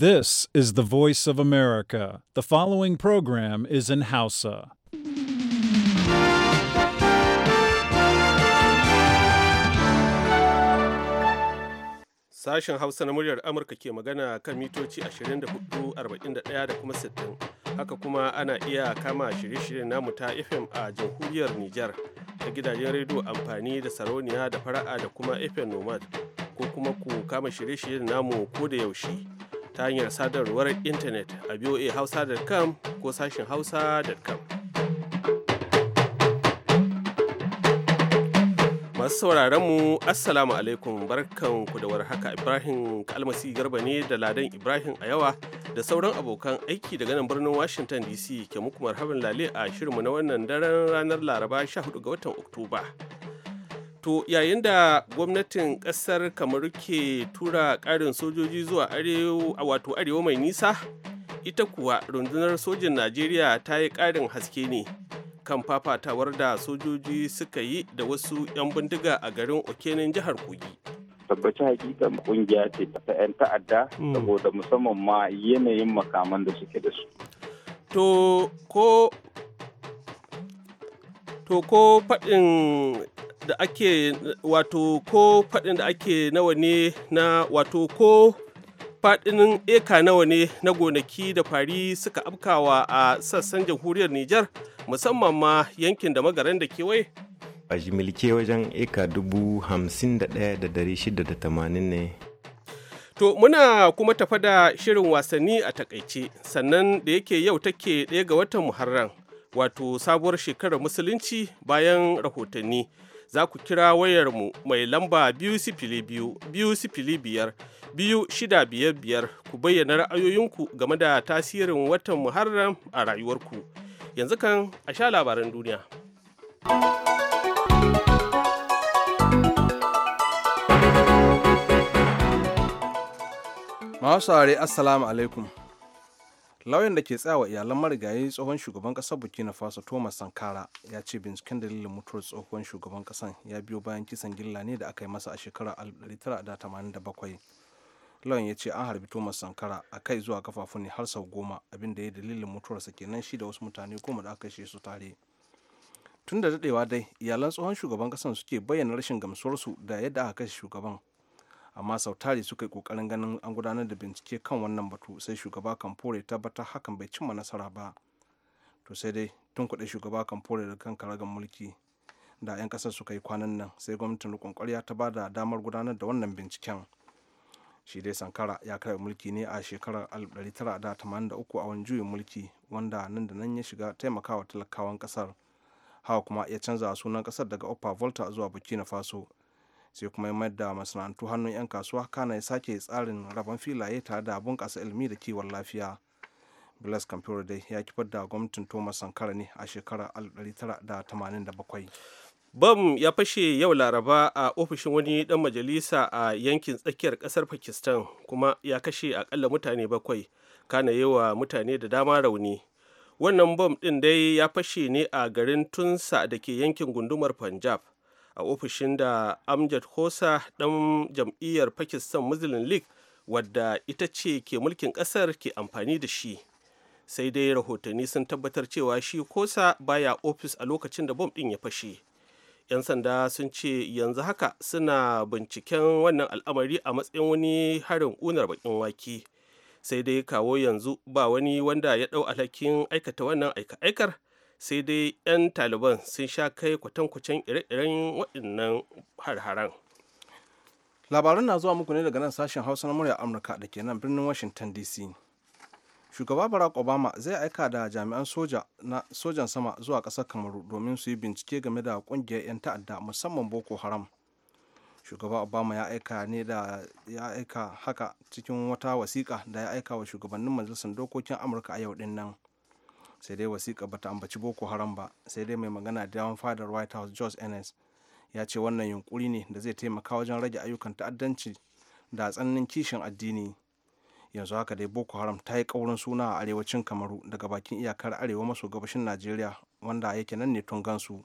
This is the voice of America. The following program is in Hausa. Sashen Hausa na muryar Amurka ke magana kan mitoci 24,41 da kuma 60. Haka kuma ana iya kama shirye-shiryen namu ta FM a jamhuriyar Nijar ta gidajen rediyo amfani da sarauniya da fara'a da kuma FM Nomad ko kuma ku kama shirye-shiryen namu ko da yaushe. ta hanyar sadarwar intanet a voahausa.com ko sashin hausa.com. masu sauraron mu assalamu alaikum barkan ku da warhaka ibrahim kalmasi garba ne da ladan ibrahim a yawa da sauran abokan aiki daga nan birnin washington dc ke muku marhaban lale a shirinmu na wannan daren ranar laraba 14 ga watan oktoba To yayin da gwamnatin kasar Kamaru ke tura karin sojoji zuwa arewa wato arewa mai nisa, ita kuwa rundunar sojin Najeriya ta yi karin haske ne kan fafatawar da sojoji suka yi da wasu 'yan bindiga a garin Okenin jihar Kogi. tabbaci hakika kungiya ce ta 'yan ta'adda hmm. saboda musamman ma yanayin makaman da suke da su. To ko faɗin da ake wato ko faɗin da ake nawa ne na wato ko faɗinin eka nawa ne na gonaki da fari suka afkawa a sassan jamhuriyar Nijar musamman ma yankin da magaran da kewaye? A jimilke wajen eka dubu hamsin da ɗaya da dari shida da tamanin ne. To muna kuma tafa da shirin wasanni a takaice sannan da yake yau take ɗaya ga watan Muharram wato sabuwar shekarar musulunci bayan rahotanni. za ku kira wayarmu mai lamba biyu sifili biyu biyu sifili biyar biyu shida biyar biyar ku bayyana ra'ayoyinku game da tasirin watan muharram a rayuwarku yanzu kan a sha labaran duniya masu assalamu alaikum lauyan da ke tsawa iyalan marigayi tsohon shugaban kasar burkina faso thomas sankara ya ce binciken dalilin mutuwar tsohon shugaban kasan ya biyo bayan kisan gilla ne da aka yi masa a shekarar 1987 lauyan ya ce an harbi thomas sankara a kai zuwa kafafu ne har sau goma abinda ya yi dalilin mutuwarsa kenan shi da wasu mutane goma da aka kashe su tare tun da dadewa dai iyalan tsohon shugaban kasar suke bayyana rashin gamsuwarsu da yadda aka kashe shugaban amma sautari suka yi kokarin ganin an gudanar da bincike kan wannan batu sai shugaba kamfore tabbatar hakan bai cimma nasara ba to sai dai tun kuɗe shugaba kamfore da kan karagan mulki da 'yan ƙasar suka yi kwanan nan sai gwamnatin rukun ƙwarya ta ba da damar gudanar da wannan binciken shi dai sankara ya karɓi mulki ne a shekarar 1983 a wani juyin mulki wanda nan da nan ya shiga taimakawa talakawan ƙasar hawa kuma ya canza sunan ƙasar daga opa volta zuwa burkina faso sai kuma ya mayar da masana'antu hannun 'yan kasuwa kana ya sake tsarin rabon filaye tare da bunƙasa ilimi da kiwon lafiya blaise campero dai ya kifar da gwamnatin thomas sankara ne a shekarar 1987 bom ya fashe yau laraba a ofishin wani dan majalisa a yankin tsakiyar kasar pakistan kuma ya kashe akalla mutane bakwai kana yi wa mutane da dama rauni wannan bom din dai ya fashe ne a garin tunsa da ke yankin gundumar punjab a ofishin da amjad hosa dan jam'iyyar pakistan muslim league wadda ita ce ke mulkin kasar ke amfani da shi sai dai rahotanni sun tabbatar cewa shi kosa baya ofis a lokacin da bom din ya fashe 'yan sanda sun ce yanzu haka suna binciken wannan al'amari a matsayin wani harin unar bakin waki, sai dai kawo yanzu ba wani wanda ya dau alhakin aikata wannan aika-aikar aika aikar sai dai 'yan taliban sun sha kai kwatankwacen ire-iren waɗannan harharan. haren labaran na zuwa muku ne daga nan sashen hausa na murya amurka da ke nan birnin washington dc shugaba barack obama zai aika da jami'an soja na sojan sama zuwa ƙasar kamaru domin su yi bincike game da ƙungiyar 'yan ta'adda musamman boko haram shugaba obama ya aika ne da ya aika haka cikin wata wasiƙa da ya aika wa shugabannin majalisar dokokin amurka a yau din nan sai dai wasiƙa bata ambaci boko haram ba sai dai mai magana da yawan fadar white house george ennis ya ce wannan yunkuri ne da zai taimaka wajen rage ayyukan ta'addanci da tsananin kishin addini yanzu haka dai boko haram ta yi kaurin suna a arewacin kamaru daga bakin iyakar arewa maso gabashin najeriya wanda yake nan ne tun gansu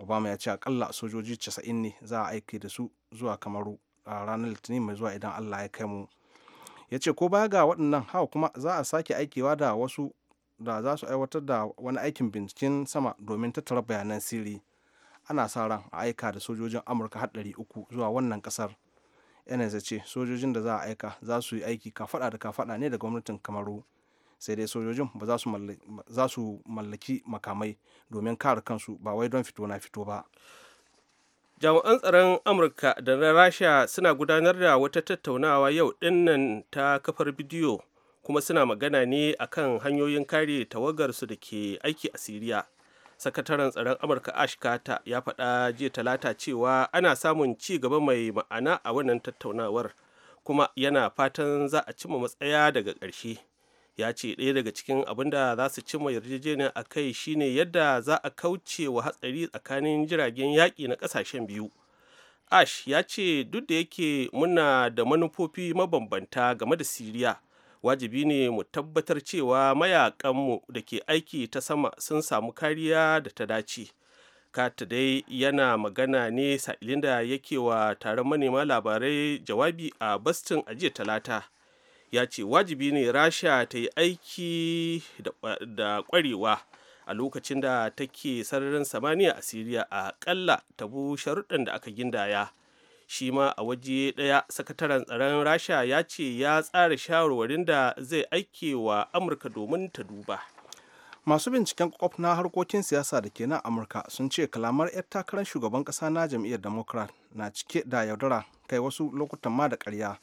obama ya ce akalla sojoji casa'in ne za a aiki da su zuwa kamaru a ranar litinin mai zuwa idan allah ya kai mu ya ce ko baya ga waɗannan hawa kuma za a sake aikewa da wasu da za su aiwatar da wani aikin binciken sama domin tattara bayanan sirri ana sa ran a aika da sojojin amurka har uku zuwa wannan kasar nsa ce sojojin da za a aika za su yi aiki kafaɗa da kafaɗa ne da gwamnatin kamaru sai dai sojojin ba za su mallaki makamai domin kare kansu ba wai don fito na fito ba jami'an tsaron amurka da na rasha suna gudanar da wata tattaunawa yau dinnan ta kafar bidiyo kuma suna magana ne akan hanyoyin kare tawagarsu da ke aiki a siriya sakataren tsaron amurka ash carter ya faɗa jiya talata cewa ana samun ci gaba mai ma'ana a wannan tattaunawar kuma yana fatan za a cimma matsaya daga ƙarshe ya ce ɗaya daga cikin abin da za su cimma yarjejeniya a kai shine yadda za a kauce wa hatsari tsakanin jiragen yaƙi na ƙasashen biyu ash ya ce duk da yake muna da manufofi mabambanta game da siriya wajibi ne mu tabbatar cewa mayakanmu da ke aiki ta sama sun samu kariya da ta dace kata dai yana magana ne sa'ilin da yake wa taron manema labarai jawabi a bastin a jiya talata ya ce wajibi ne rasha ta yi aiki da kwarewa a lokacin da take sararin samaniya a siriya a kalla ta bu sharuɗan da aka gindaya shi ma a waje ɗaya sakataren tsaron rasha ya ce ya tsara shawarwarin da zai aike wa amurka domin ta duba masu binciken kwaf na harkokin siyasa da ke nan amurka sun ce kalamar 'yar takarar shugaban kasa na jam'iyyar democrat na cike da yaudara kai wasu lokutan ma da karya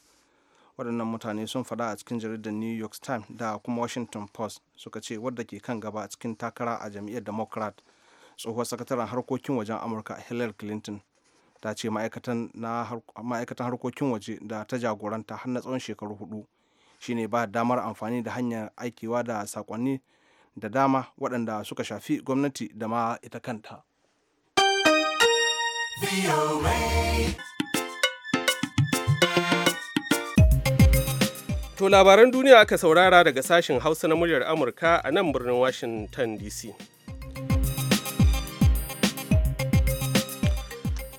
waɗannan mutane sun faɗa a cikin jaridar new york times da kuma washington post suka ce wadda ke kan gaba a cikin takara a jam'iyyar democrat tsohuwar sakataren harkokin wajen amurka hillary clinton ta ce ma'aikatan harkokin waje da ta jagoranta har na tsawon shekaru hudu shine ba damar amfani da hanyar aikewa da sakonni da dama waɗanda suka shafi gwamnati da ma ita kanta. To labaran duniya aka saurara daga sashen Hausa na muryar Amurka a nan birnin Washington DC.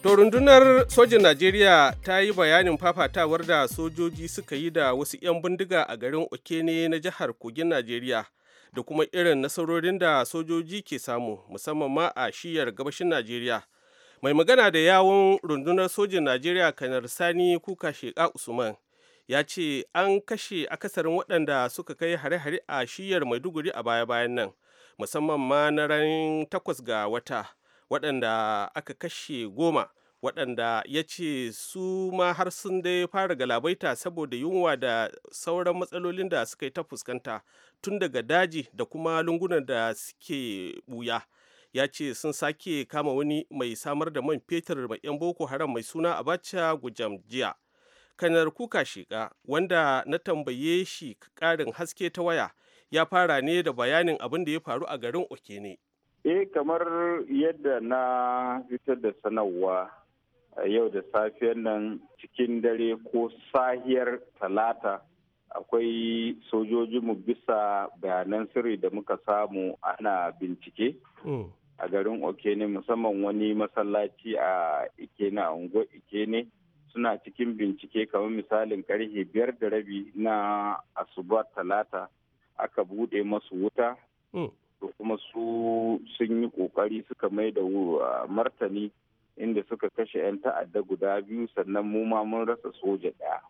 To rundunar sojin Najeriya ta yi bayanin fafatawar da sojoji suka yi da wasu 'yan bindiga a garin Okene na jihar Kogin Najeriya da kuma irin nasarorin da sojoji ke samu musamman ma a shiyar gabashin Najeriya. Mai magana da yawon rundunar sojin Najeriya kanar Sani Kuka Sheka Usman ya ce an kashe akasarin waɗanda suka kai hare-hare a shiyar Maiduguri a baya-bayan nan musamman ma na ran takwas ga wata. waɗanda aka kashe goma waɗanda ya ce su ma har sun dai fara galabaita saboda yunwa da sauran matsalolin da suka yi ta fuskanta tun daga daji da kuma lungunan da suke buya ya ce sun sake kama wani mai samar da man fetur mai 'yan boko haram mai suna abacha gujam jiya kanar kuka shiga wanda na tambaye shi karin haske ta waya ya fara ne da bayanin abin da ya faru a garin okene eh kamar yadda na fitar da sanarwa yau da safiyar nan cikin dare ko sahiyar talata akwai sojojinmu bisa bayanan sirri da muka samu ana bincike hmm. a garin okene musamman wani masallaci a ikene a ungo ikene suna cikin bincike kamar misalin karfe biyar da rabi na asuba talata aka bude masu wuta hmm. to kuma su sun yi kokari suka mai da uh, martani inda suka kashe 'yan ta'adda guda biyu sannan mu ma mun rasa soja daya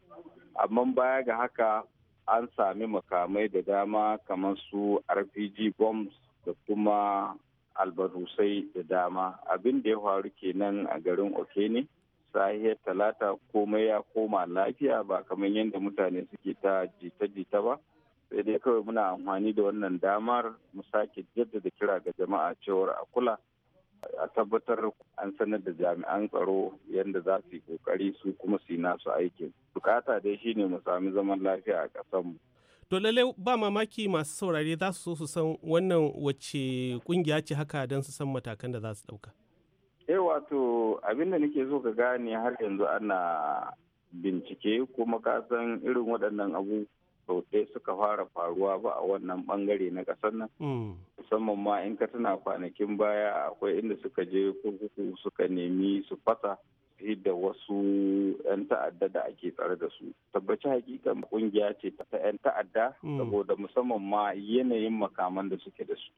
amma baya ga haka an sami makamai da dama kamar su rpg bombs da kuma albarusai da dama abin da ya faru kenan a garin okene sahiyar talata komai ya koma lafiya ba kamar yadda mutane suke ta jita-jita ba sai dai kawai muna amfani da wannan damar mu sake jaddada kira ga jama'a cewar a kula a tabbatar an sanar da jami'an tsaro yadda za su yi kokari su kuma su yi nasu aikin bukata dai shine mu sami zaman lafiya a ƙasar mu to lalle ba mamaki masu saurare za su so su san wannan wacce kungiya ce haka don su san matakan da za su ɗauka eh wato abin da nake so ka gane har yanzu ana bincike kuma ka san irin waɗannan abu. sau ɗaya suka fara faruwa ba a wannan bangare na ƙasar nan hmm. musamman ma in ka tana kwanakin baya akwai inda suka je kurkuku suka nemi su fasa da wasu 'yan ta'adda da ake tsare da su tabbaci hakikan kungiya ce ta 'yan ta'adda hmm. saboda musamman ma yanayin makaman da suke da su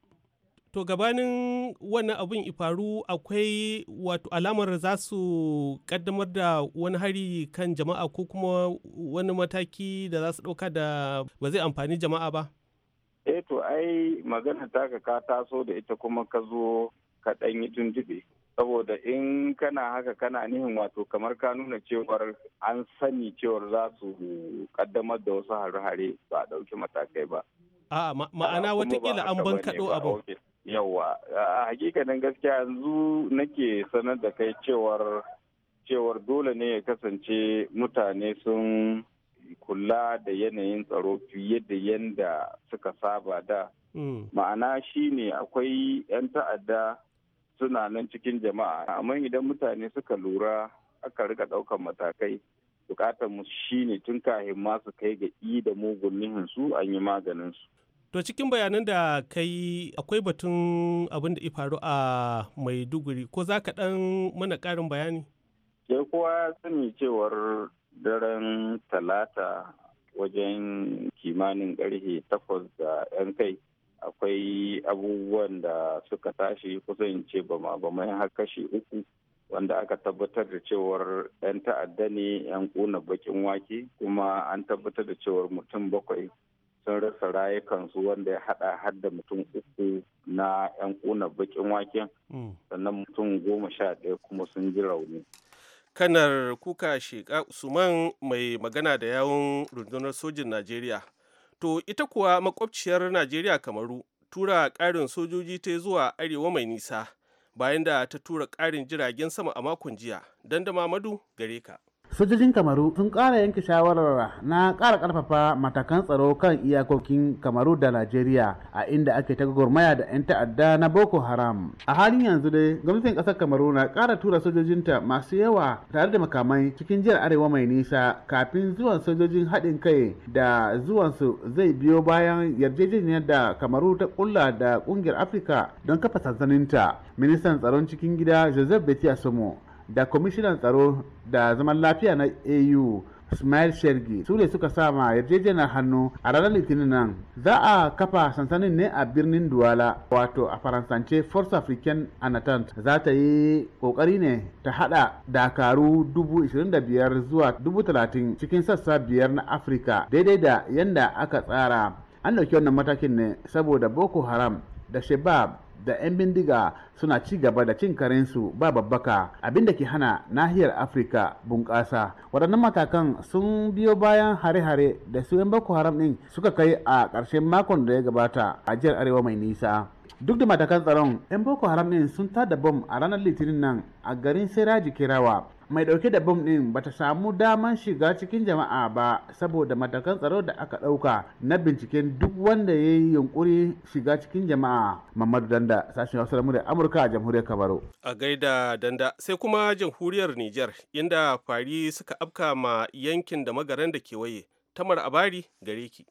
to gabanin wannan abin ifaru akwai wato alamar za su kaddamar da wani hari kan jama'a ko kuma wani mataki da za su ɗauka da ba zai amfani jama'a ba? eh to ai magana ta ka taso da ita kuma ka zo ka dan yi tuntube saboda in kana haka kana nihin wato kamar ka nuna cewar an sani cewar za su kaddamar da wasu hare-hare ba a ɗauki matakai ba a'a ma'ana watakila an bankaɗo abin yawa a hakikanin gaskiya yanzu nake sanar da kai cewar cewar dole ne ya kasance mutane sun kula da yanayin tsaro fiye da yanda suka saba da hmm. ma'ana shine akwai 'yan ta'adda suna nan cikin jama'a amma idan mutane suka lura aka rika ɗaukan matakai bukatar mu shine tun kahin ma su kai ga i da mugun nihin su an yi maganin su To cikin bayanan da ka akwai batun abin da ifaru a Maiduguri ko za ka ɗan mana ƙarin bayani? Ya eh, kuwa ya sani cewar daren talata wajen kimanin ƙarfe takwas da 'yan kai akwai abubuwan da suka tashi kusan ce ba ma mai kashi uku wanda aka tabbatar da cewar 'yan ta'adda ne 'yan ƙuna bakin wake kuma an tabbatar da cewar mutum bakwai sun rasa rayukansu wanda ya hada har da mutum uku na 'yan kuna bakin waken hmm. sannan mutum goma sha ɗaya kuma sun ji rauni kanar kuka sheka usman mai magana da yawon rundunar sojin najeriya to ita kuwa makwabciyar najeriya kamaru tura ƙarin sojoji ta zuwa arewa mai nisa bayan da ta tura ƙarin jiragen sama a makon jiya dandamamadu gare ka sojojin kamaru sun kara yanke shawarar na kara karfafa matakan tsaro kan iyakokin kamaru da najeriya a inda ake ta gwagwarmaya da 'yan ta'adda na boko haram a halin yanzu dai gwamnatin ƙasar kamaru na kara tura sojojinta masu yawa tare da makamai cikin jihar arewa mai nisa kafin zuwan sojojin haɗin kai da zuwansu zai biyo bayan yarjejeniyar da kamaru ta ƙulla da ƙungiyar afirka don kafa sansaninta ministan tsaron cikin gida joseph betiasomo da kwamishinan tsaro da zaman lafiya na au Ismail Shergi su ne suka sama yarjejeniyar hannu a ranar Litinin nan. Za a kafa sansanin ne a birnin Duwala wato a Faransance Force African Anatant za ta yi kokari ne ta hada dakaru 25,000 zuwa 30,000 cikin sassa biyar na Afirka daidai da yadda aka tsara. An dauki wannan matakin ne saboda Boko Haram da Shabab da 'yan bindiga suna ci gaba da cin karensu ba babbaka abinda ke hana nahiyar afirka bunƙasa waɗannan matakan sun biyo bayan hare-hare da su 'yan boko haram ɗin suka kai a ƙarshen makon da ya gabata a jihar arewa mai nisa duk da matakan tsaron 'yan boko haram ɗin sun tada bom a ranar litinin nan a garin siraji kirawa mai dauke da bom din bata samu daman shiga cikin jama'a ba saboda matakan tsaro da aka dauka na binciken duk wanda ya yi yunkuri shiga cikin jama'a mamadu danda sashen wasu da amurka a jamhuriyar kabaro a gaida danda sai kuma jamhuriyar niger inda fari suka afka ma yankin da magaran da kewaye tamar abari gare ki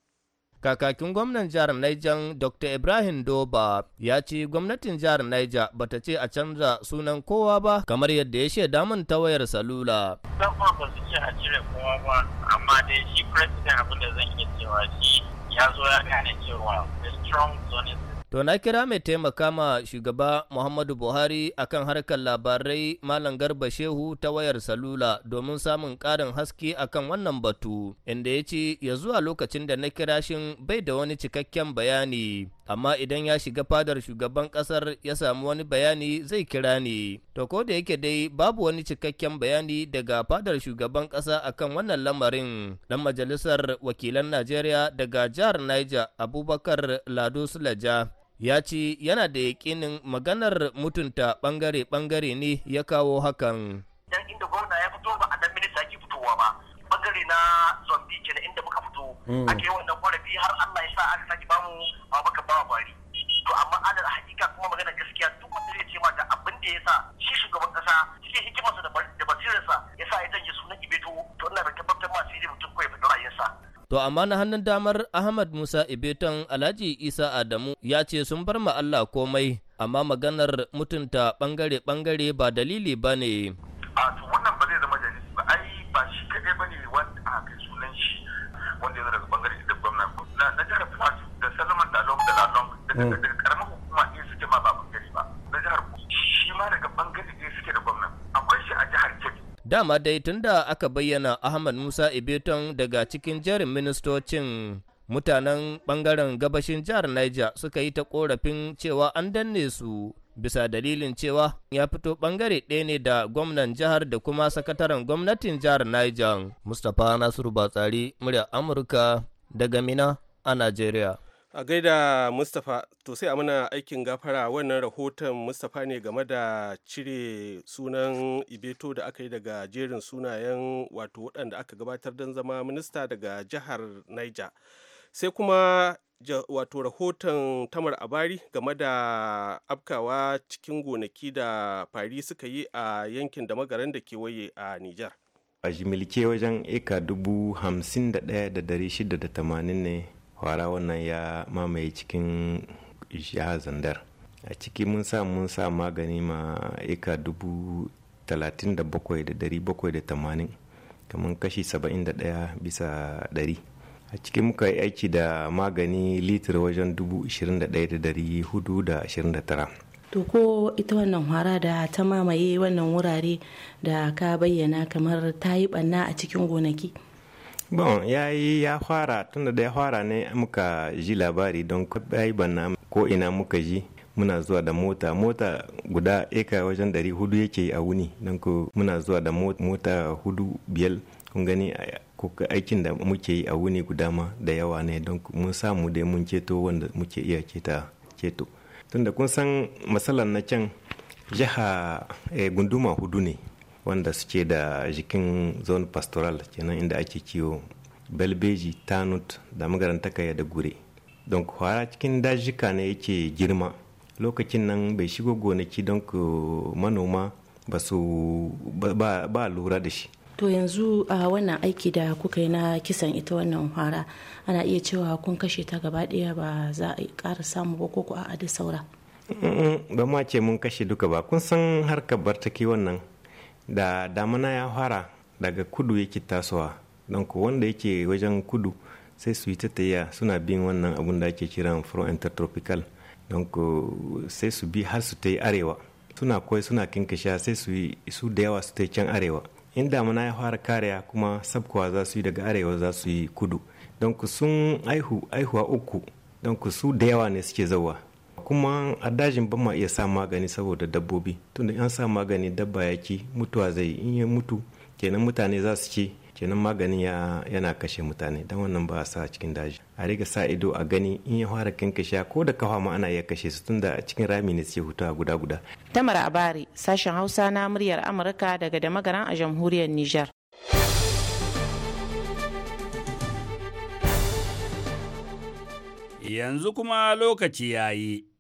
Kakakin gwamnan jihar Niger Dr. Ibrahim Doba ya ce gwamnatin jihar Niger bata ce a canza sunan kowa ba kamar yadda ya shaida mun ta wayar salula. Sabon ba su a cire kowa ba amma dai shi president abin da zan iya cewa shi ya zo ya gane cewa the strong zone To na kira mai taimaka ma shugaba Muhammadu Buhari akan harkar labarai Malam Garba Shehu ta wayar salula domin samun ƙarin haske akan wannan batu, inda ya ce ya zuwa lokacin da na kira shi bai da wani cikakken bayani, amma idan ya shiga fadar shugaban ƙasar ya samu wani bayani zai kira ni. To ko da yake dai babu wani cikakken bayani daga fadar shugaban ƙasa akan wannan lamarin, na majalisar wakilan Najeriya daga jihar Niger Abubakar Lado Sulaja. ya ce yana da yakinin maganar mutunta bangare-bangare ne ya kawo hakan. Yan inda gwamna ya fito ba a dan minista ke fitowa ba. Bangare na zombi ke inda muka fito. Hmm. Ake wannan ƙorafi har Allah ya sa aka sake bamu ba baka ba wa bari. To amma alal hakika kuma magana gaskiya duk wanda zai ce ma da abin da ya sa shi shugaban ƙasa cikin hikimarsa da basirarsa ya sa ya janye sunan Ibeto to ina da tabbatar ma sai dai mutum kawai faɗi ra'ayinsa. To amma na hannun damar Ahmad Musa Ibeton Alhaji Isa Adamu ya ce sun bar ma Allah komai amma maganar mutunta bangare-bangare ba dalili ba ne. A to wannan ba zai zama dalili ba ai ba shi kaɗai ba ne wanda aka sunan shi wanda ya daga bangare da gwamna na jihar Plateau da Salman Dalong da Lalong da hmm. Dama dai tunda aka bayyana Ahmad Musa Ibeton daga cikin jerin ministocin mutanen bangaren gabashin jihar Niger suka yi ta korafin cewa an danne su bisa dalilin cewa ya fito bangare ɗaya ne da gwamnan jihar da kuma sakataren gwamnatin jihar Niger. Mustapha Nasiru Batsari, murya Amurka daga Mina a Najeriya. a gaida mustapha to sai a mana aikin gafara wannan rahoton mustapha ne game da cire sunan ibeto da aka yi daga jerin sunayen wato waɗanda aka gabatar don zama minista daga jihar niger sai kuma wato rahoton tamar abari game da afkawa cikin gonaki da fari suka yi a yankin da magaran da kewaye a niger a jimilke wajen eka dubu hamsin da ɗaya da dari shida da tamanin ne kwara wannan ya mamaye cikin jihar zandar a ciki mun sa mun sa magani ma eka dubu talatin da bakwai da dari bakwai da tamanin kamar kashi saba'in da ɗaya bisa dari. a ciki muka yi aiki da magani litir wajen dubu ishirin da daya da dari hudu da ashirin da tara to ko ita wannan hara da ta mamaye wannan wurare da ka bayyana kamar ta yi ɓanna a cikin gonaki bon ya yi ya fara tunda da ya fara ne muka ji labari don yi banna ko ina muka ji muna zuwa da mota mota guda eka wajen dari hudu yake a wuni don ku muna zuwa da mota hudu biyar kun gani aikin da muke yi a wuni guda ma da yawa ne don mun samu dai mun ceto wanda muke iya keta ceto tunda kun san matsalar na can jiha eh, gunduma hudu ne wanda suke da jikin zone pastoral kenan inda ake kiwo belbeji tanut da ya da gure don kwara cikin dajika ne yake girma lokacin nan bai shigo gonaki don manoma ba su ba lura da shi to yanzu a wannan aiki da kuka yi na kisan ita wannan hara ana iya cewa kun kashe ta gaba ɗaya ba za a ƙara samu ba koko a da saura ba ma ce mun kashe duka ba kun san harkar bartaki wannan da damana ya fara daga kudu yake tasowa don ku wanda yake wajen kudu sai su yi tattaya suna bin wannan abun da ake kiran front intertropical don ku sai su bi har su ta yi arewa suna kwai suna kinkasha sai su yi su da yawa su ta yi can arewa in damana ya fara kariya kuma sabkowa za su yi daga arewa za su yi kudu don ku sun aihu aihuwa uku don ku su da yawa ne suke zauwa kuma a dajin ban ma iya sa magani saboda dabbobi tunda an sa magani dabba ya ki mutuwa zai in ya mutu kenan mutane za su ci kenan maganin ya yana kashe mutane dan wannan ba a sa cikin daji a riga sa ido a gani in ya fara kankasha ko da kafa ma ana iya kashe su tunda a cikin rami ne suke hutu guda guda tamar abari sashen hausa na muryar amurka daga da magaran a jamhuriyar niger yanzu kuma lokaci ya yi.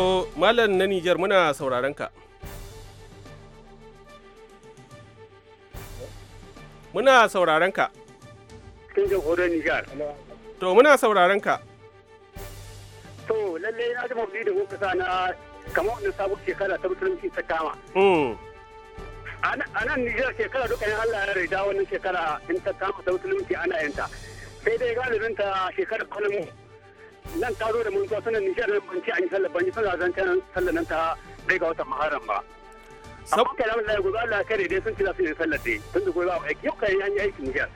To, Malam na Nijar muna sauraron ka. Muna sauraron ka. Cikin horo Nijar. To, muna sauraron ka. To, lallai na ji mafi da kuka sana na kamar wannan sabon shekara ta ki ta kama. Hmm. A nan Nijar shekara duka yan Allah ya rida wannan shekara in ta kama ta musulunci ana yanta. Sai dai galibin ta shekarar kwalmu nan ta zo da mun zo sanin Nijar nan mun ci an yi sallah ban yi sallah zan kanan sallah nan ta bai ga wata Muharram ba. Amma kai Allah ya gobe Allah kare dai sun ci za su yi sallar dai tun da gobe ba aiki yau kai an yi aiki Nijar.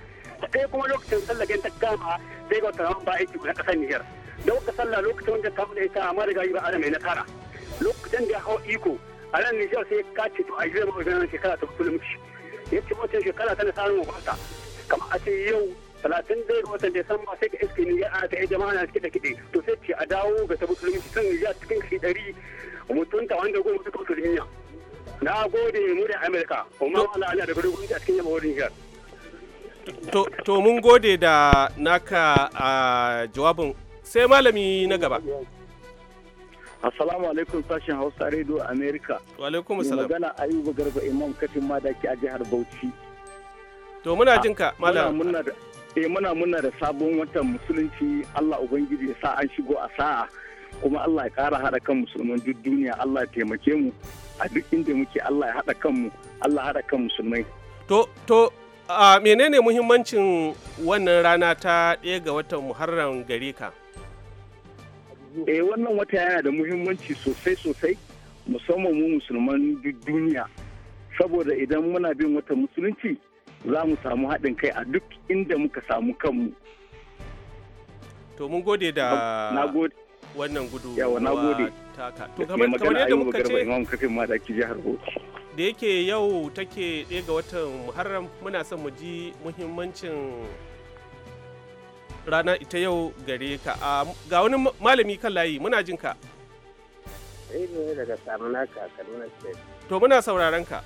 kai kuma lokacin sallar gan ta gama bai ga watan ba aiki na kasar Nijar. Da wata sallah lokacin wanda ta da ita amma daga yi ba ana mai nasara. Lokacin da ya hau iko a nan Nijar sai ka ce to a jirgin wajen shekara ta musulunci. Ya ce wata shekara tana samun wata. Kamar a ce yau talatin dai ga watan Desamba sai ka iske Nijar ana ta jama'a na kiɗe kiɗe to sai ce a dawo ga ta musulunci tun ya cikin shi ɗari mutum ta wanda goma suka musulmi na gode mu da Amerika kuma wala Allah da gudu a cikin yamma Nijar. To, to mun gode da naka a jawabin sai malami na gaba. Assalamu alaikum sashen Hausa Radio America. Wa alaikum assalam. Magana Ayuba Garba Imam Katin Madaki a jihar Bauchi. To muna jinka malam. Muna da eh muna muna da sabon watan musulunci Allah ubangiji ya sa an shigo a sa'a kuma Allah ya kara haɗa kan musulman duk duniya Allah ya taimake mu a duk inda muke Allah ya haɗa kanmu Allah haɗa kan musulmai to to a menene muhimmancin wannan rana ta ɗaya ga watan Muharram gare ka eh wannan wata yana da muhimmanci sosai sosai musamman mu musulman duk duniya saboda idan muna bin watan musulunci za mu samu haɗin kai a duk inda muka samu kanmu. To mun gode da wannan gudu. wa na gode. Taka. To kamar yadda muka ce. Imam Kafin Madaki jihar Bauchi. Da yake yau take ɗaya ga watan Muharram muna son mu ji muhimmancin rana ita yau gare ka. Ga wani malami kan layi muna jin ka. Eh ne daga Samuna Kaduna State. To muna sauraron ka.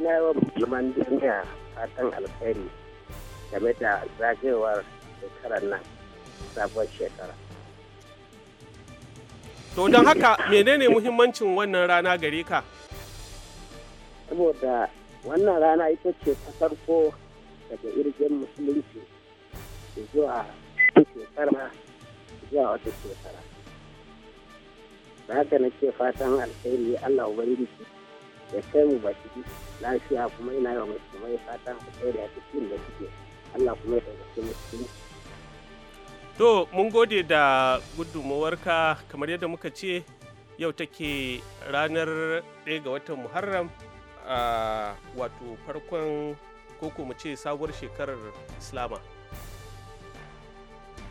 na yawan musulman duniya fatan alkhairi game da zagayowar shekarar nan sabuwar shekara. To don haka menene muhimmancin wannan rana gare ka? Saboda wannan rana ita ce ta farko daga irgin musulunci zuwa shekara zuwa wata shekara. Da ka nake fatan alkhairi Allah Ubangiji ya kai mu ba ciki lafiya kuma ina yawa mai kuma ya fata ku da cikin da suke Allah kuma ya tsarkake mu cikin To mun gode da gudunmawarka kamar yadda muka ce yau take ranar ɗaya ga watan Muharram a wato farkon koko mu ce sabuwar shekarar Islama.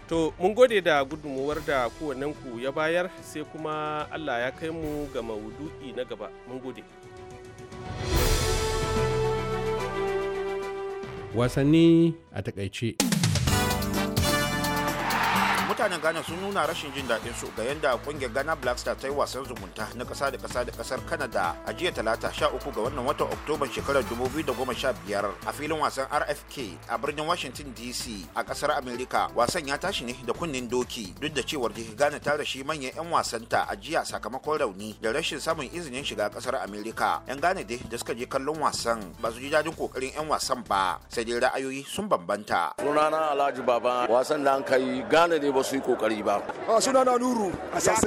To, mun gode da gudummawar da kowannenku ku ya bayar sai kuma Allah ya kai mu ga maudu'i na gaba. Mun gode. wasanni a takaice mutanen ghana sun nuna rashin jin daɗin su ga yadda kungiyar ghana black star ta yi wasan zumunta na kasa da ƙasa da kasar canada a jiya talata uku ga wannan watan oktoban shekarar da goma sha biyar a filin wasan rfk a birnin washington dc a kasar america wasan ya tashi ne da kunnen doki duk da cewar jihar ghana ta rashi manyan 'yan wasanta a jiya sakamakon rauni da rashin samun izinin shiga kasar america 'yan ghana dai da suka je kallon wasan ba su ji daɗin ƙoƙarin 'yan wasan ba sai dai ra'ayoyi sun bambanta sunana alhaji baba wasan da kai ghana ne ba su yi kokari ba a suna na nuru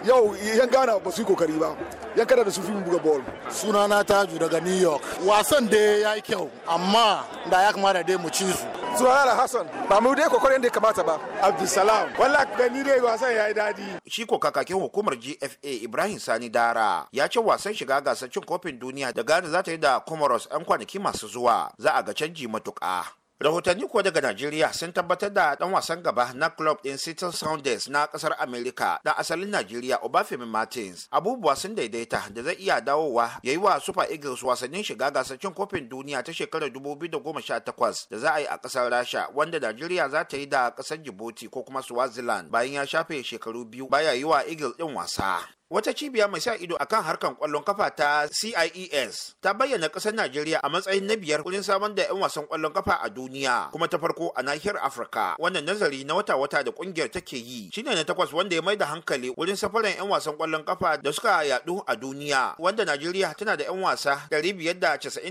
yau yan gana ba su yi kokari ba yan kada da su fi buga ball suna na taju daga new york wasan da ya yi kyau amma da ya kamata dai mu ci su suna na hassan ba mu dai kokarin da ya kamata ba abdulsalam walla da ni dai wasan ya yi daɗi. shi ko kakakin hukumar gfa ibrahim sani dara ya ce wasan shiga gasar cin kofin duniya da gani za ta yi da comoros 'yan kwanaki masu zuwa za a ga canji matuƙa rahotanni kuwa daga najeriya sun tabbatar da dan wasan gaba na club din Seattle sounders na kasar Amerika, da asalin najeriya obafemi martins abubuwa sun daidaita da zai iya dawowa ya yi wa super eagles wasannin shiga gasar cin kofin duniya ta shekarar 2018 da za a yi a kasar rasha wanda najeriya za ta yi da kasar djibouti ko kuma swaziland bayan ya shafe shekaru biyu baya yi wa eagles din wasa Wata cibiya mai sa ido akan harkan kwallon kafa ta CIES ta bayyana ƙasar Najeriya a matsayin na biyar wurin samar da 'yan wasan kwallon kafa a duniya kuma ta farko a nahiyar Afirka. Wannan nazari na wata-wata da ƙungiyar take yi shine na takwas wanda ya mai da hankali wurin safaran 'yan wasan kwallon kafa da suka yadu a duniya wanda Najeriya tana da 'yan wasa 596.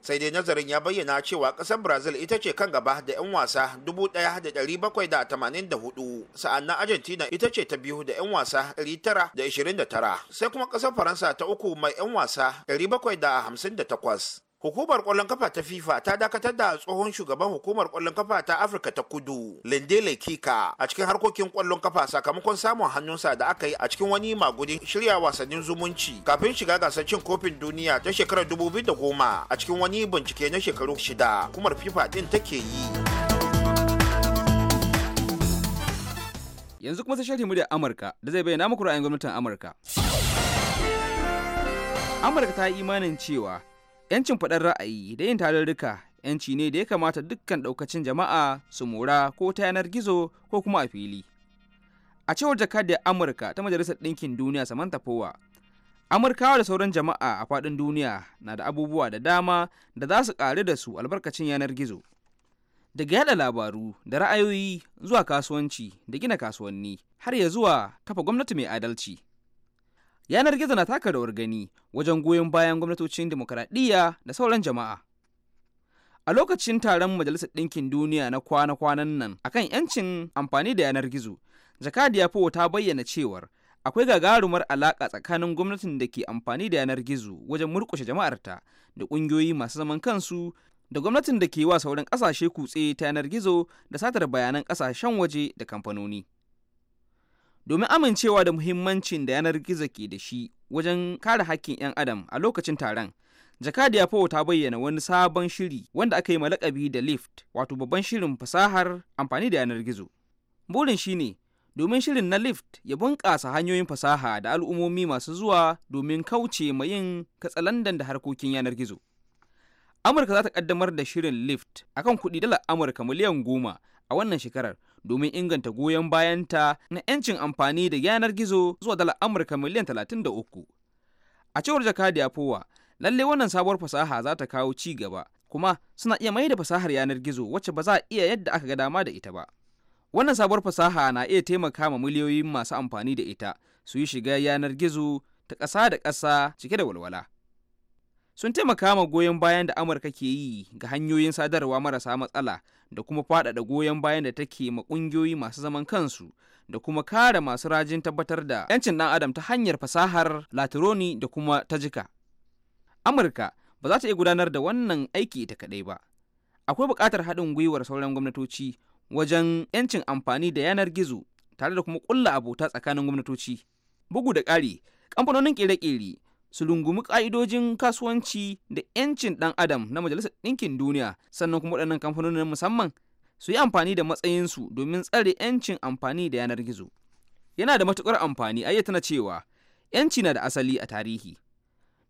Sai dai nazarin ya bayyana cewa ƙasar Brazil ita ce kan gaba da 'yan wasa 1,784 sa'an na Argentina ita ce ta biyu da 'yan wasa 920 29 sai kuma ƙasar faransa ta uku mai 'yan wasa 758 Hukumar ƙwallon kafa ta FIFA ta dakatar da tsohon shugaban hukumar ƙwallon kafa ta Afirka ta Kudu, Lindele Kika, a cikin harkokin ƙwallon kafa sakamakon samun hannunsa da aka yi a cikin wani magudin shirya wasannin zumunci kafin shiga gasar cin kofin duniya ta shekarar 2010 a cikin wani bincike na shekaru shida, hukumar FIFA ɗin take yi. Yanzu kuma sai sharhi muryar Amurka da zai bayyana muku ra'ayin gwamnatin Amurka. Amurka ta yi imanin cewa yancin faɗar ra'ayi da yin tarurruka yanci ne da ya kamata dukkan ɗaukacin jama'a su mora ko ta yanar gizo ko kuma a fili. A cewar jakadiyar Amurka ta Majalisar Ɗinkin Duniya Samantha Power, Amurkawa da sauran jama'a a faɗin duniya na da abubuwa da dama da za su ƙari da su albarkacin yanar gizo. daga yada labaru da ra'ayoyi zuwa kasuwanci da gina kasuwanni har ya zuwa kafa gwamnati mai adalci yanar gizo na taka rawar gani wajen goyon bayan gwamnatocin demokradiyya da sauran jama'a a lokacin taron majalisar ɗinkin duniya na kwana-kwanan nan akan yancin amfani da yanar gizo jakadiya po ta bayyana cewar akwai gagarumar alaƙa tsakanin gwamnatin da ke amfani da yanar gizo wajen murƙushe jama'arta da ƙungiyoyi masu zaman kansu da gwamnatin da ke wa sauran ƙasashe kutse ta yanar gizo da satar bayanan ƙasashen waje da kamfanoni. Domin amincewa da muhimmancin da yanar gizo ke da shi wajen kare hakkin 'yan adam a lokacin taron, Jakadiya Powo ta bayyana wani sabon shiri wanda aka yi malakabi da LIFT, wato babban shirin fasahar amfani da yanar gizo. Burin shi ne, domin shirin na LIFT ya bunƙasa hanyoyin fasaha da al'ummomi masu zuwa domin kauce ma yin katsalandan da harkokin yanar gizo. amurka za ta kaddamar da shirin lift akan kuɗi dalar amurka miliyan goma a wannan shekarar domin inganta goyon bayanta na 'yancin amfani da yanar gizo zuwa dalar amurka miliyan talatin da uku. a cewar jakadiya fowa lalle wannan sabuwar fasaha za ta kawo ci gaba kuma suna iya mai da fasahar yanar gizo wacce ba za a iya yadda aka ga dama da ita ba wannan sabuwar fasaha na iya taimaka ma miliyoyin masu amfani da ita su yi shiga yanar gizo ta ƙasa da ƙasa cike da walwala sun taimaka ma goyon bayan da amurka ke yi ga hanyoyin sadarwa marasa matsala da kuma faɗaɗa goyon bayan da take ma ƙungiyoyi masu zaman kansu da kuma kare masu rajin tabbatar da 'yancin ɗan adam ta hanyar fasahar latironi da kuma ta jika amurka ba za ta iya gudanar da wannan aiki ita kaɗai ba akwai buƙatar haɗin gwiwar sauran gwamnatoci wajen 'yancin amfani da yanar gizo tare da kuma ƙulla abota tsakanin gwamnatoci bugu da ƙari kamfanonin ƙere-ƙere su lungumi ƙa'idojin kasuwanci da 'yancin ɗan adam na majalisar ɗinkin duniya sannan kuma waɗannan kamfanonin musamman su yi amfani da matsayinsu domin tsare 'yancin amfani da yanar gizo yana da matuƙar amfani ayyata tana cewa 'yanci na da asali a tarihi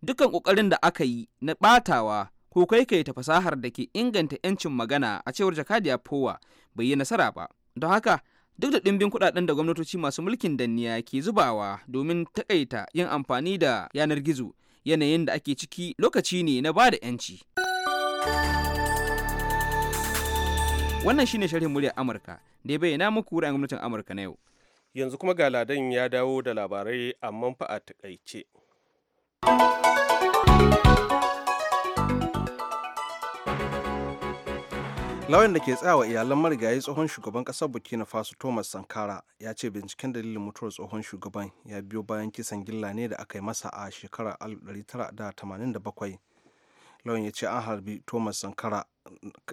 dukkan ƙoƙarin da aka yi na ɓatawa ko ta fasahar da ke inganta 'yancin magana a cewar jakadiya powa bai yi nasara ba don haka duk da ɗimbin kuɗaɗen da gwamnatoci masu mulkin danniya ke zubawa domin takaita yin amfani da yanar gizo yanayin da ake ciki lokaci ne na ba da 'yanci. Wannan shine sharhin muryar Amurka da ya bayyana muku wurin gwamnatin Amurka na yau. Yanzu kuma ga ladan ya dawo da labarai amma fa a takaice. lauyan da ke tsayawa iyalan marigayi tsohon shugaban kasar burkina faso thomas sankara ya ce binciken dalilin mutuwar tsohon shugaban ya biyo bayan kisan gilla ne da aka yi masa a shekarar 1987 lauyan ya ce an harbi thomas sankara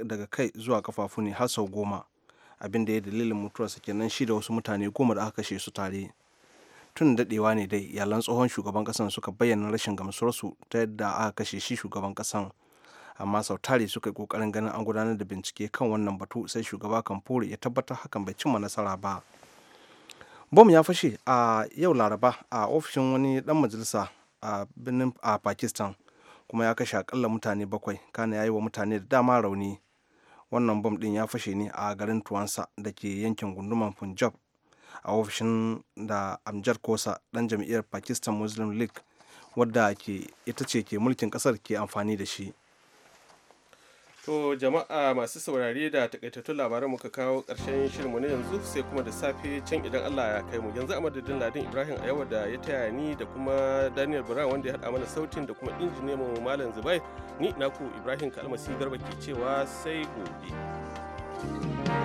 daga kai zuwa kafafu ne har sau goma abin da ya dalilin mutuwarsa kenan shi da wasu mutane goma da aka kashe su tare tun dadewa ne dai iyalan tsohon shugaban kasan suka bayyana rashin gamsuwarsu ta yadda aka kashe shi shugaban ƙasan amma sau tare suka yi kokarin ganin an gudanar da bincike kan wannan batu sai shugaba kamfuri ya tabbatar hakan bai cimma nasara ba bom ya fashe a yau laraba a ofishin wani dan majalisa a birnin a pakistan kuma ya kashe akalla mutane bakwai kana ya yi wa mutane da dama rauni wannan bom din ya fashe ne a garin tuwansa da ke yankin gunduman punjab a ofishin da amjad kosa dan jam'iyyar pakistan muslim league wadda ita ce ke mulkin kasar ke amfani da shi To jama'a masu saurare da takaitattu labaran muka kawo ƙarshen shirinmu na yanzu sai kuma da safe can idan Allah ya kai mu yanzu a madadin Ladin Ibrahim a yau da ya taya ni da kuma Daniel Brown wanda ya haɗa mana sautin da kuma injiniyan mu Malam Zubair ni naku Ibrahim Kalmasi Garba ke cewa sai gobe. thank you